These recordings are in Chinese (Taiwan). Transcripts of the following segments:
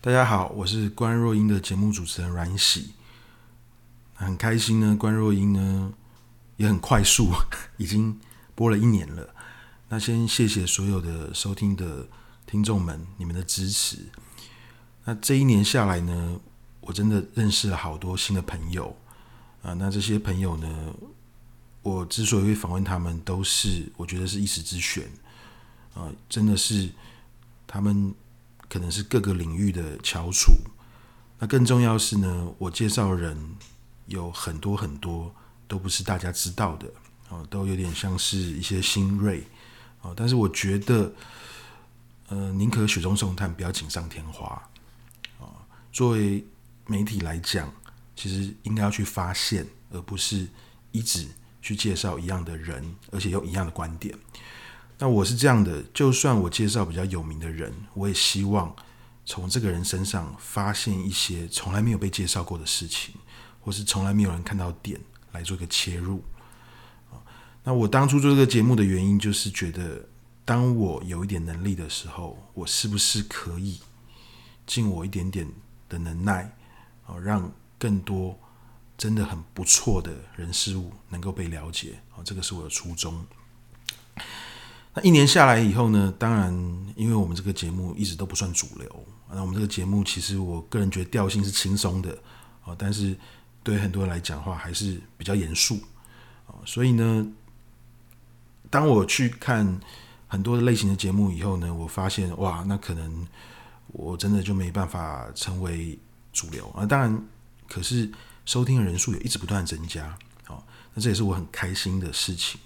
大家好，我是觀弱音的節目主持人阮喜，很開心呢，觀弱音呢也很快速，已經播了一年了。那先謝謝所有的收聽的聽眾們，你們的支持。那這一年下來呢？我真的認識了好多新的朋友啊！那這些朋友呢？我之所以會訪問他們，都是我覺得是一時之選啊！真的是他們可能是各個領域的翹楚。那更重要是呢，我介紹人有很多很多，都不是大家知道的啊，都有點像是一些新銳啊。但是我覺得，呃，寧可雪中送炭，不要錦上添花啊。作為媒體來講，其實應該要去發現，而不是一直去介紹一樣的人，而且用一樣的觀點。那我是這樣的，就算我介紹比較有名的人，我也希望從這個人身上發現一些從來沒有被介紹過的事情，或是從來沒有人看到點，來做個切入。啊，那我當初做這個節目的原因，就是覺得當我有一點能力的時候，我是不是可以盡我一點點的能耐。讓更多真的很不錯的人事物能夠被了解哦，這個是我的初衷。那一年下來以後呢，當然，因為我們這個節目一直都不算主流，那我們這個節目其實我個人覺得調性是輕鬆的，但是對很多人來講的話還是比較嚴肅。所以呢，當我去看很多類型的節目以後呢，我發現哇，那可能我真的就沒辦法成為。主流啊，當然，可是收聽的人數也一直不斷增加，哦，那這也是我很開心的事情。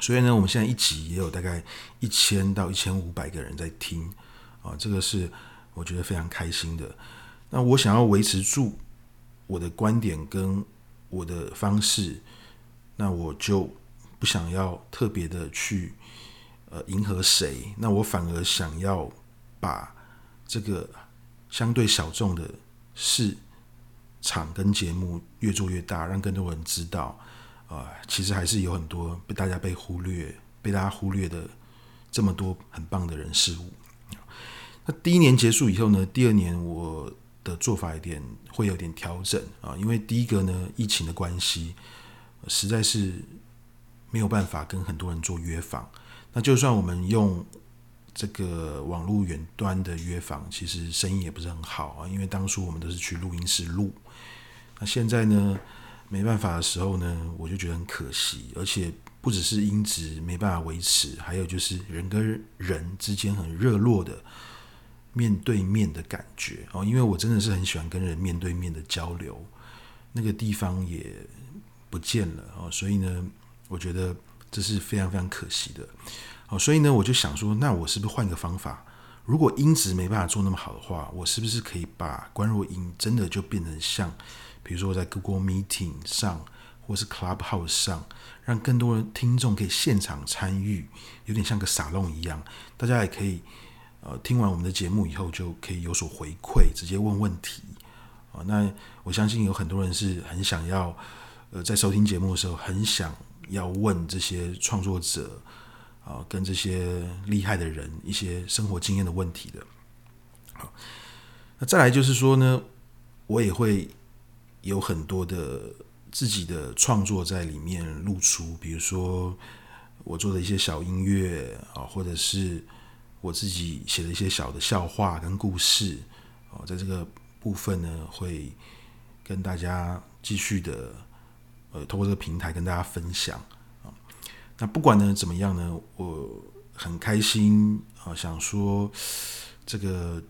所以呢，我們現在一集也有大概一千到一千五百個人在聽，啊、哦，這個是我覺得非常開心的。那我想要維持住我的觀點跟我的方式，那我就不想要特別的去呃迎合誰，那我反而想要把這個。相對小眾的市場跟節目越做越大，讓更多人知道。啊、呃，其實還是有很多被大家被忽略、被大家忽略的這麼多很棒的人事物。那第一年結束以後呢，第二年我的做法有點會有點調整啊、呃，因為第一個呢，疫情的關係、呃、實在是沒有辦法跟很多人做約訪。那就算我們用。這個網絡遠端的約訪，其實聲音也不是很好啊。因為當初我們都是去錄音室錄，那、啊、現在呢，沒辦法的時候呢，我就覺得很可惜。而且不只是音質沒辦法維持，還有就是人跟人之間很熱絡的面對面的感覺哦。因為我真的是很喜歡跟人面對面的交流，那個地方也不見了哦，所以呢，我覺得這是非常非常可惜的。哦，所以呢，我就想說，那我是不是換個方法？如果音質沒辦法做那麼好的話，我是不是可以把觀弱音真的就變成像，比如說我在 Google Meeting 上，或是 Clubhouse 上，讓更多的聽眾可以現場參與，有點像個沙龍一樣，大家也可以呃聽完我們的節目以後，就可以有所回饋，直接問問題。啊、呃，那我相信有很多人是很想要，呃，在收聽節目的時候，很想要問這些創作者。啊，跟這些厲害的人一些生活經驗的問題的，好，那再來就是說呢，我也會有很多的自己的創作在裡面露出，比如說我做的一些小音樂啊，或者是我自己寫的一些小的笑話跟故事啊，在這個部分呢，會跟大家繼續的呃，通過這個平台跟大家分享。那不管呢怎麼樣呢，我很開心啊，想說這個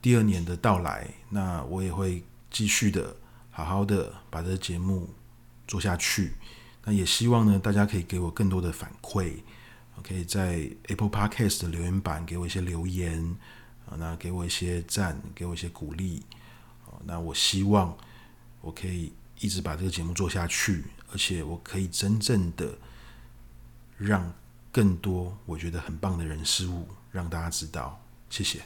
第二年的到來，那我也會繼續的好好的把這個節目做下去。那也希望呢，大家可以給我更多的反饋，可以在 Apple Podcast 的留言板給我一些留言啊，那給我一些讚，給我一些鼓勵。那我希望我可以一直把這個節目做下去，而且我可以真正的。讓更多我覺得很棒的人事物讓大家知道，謝謝。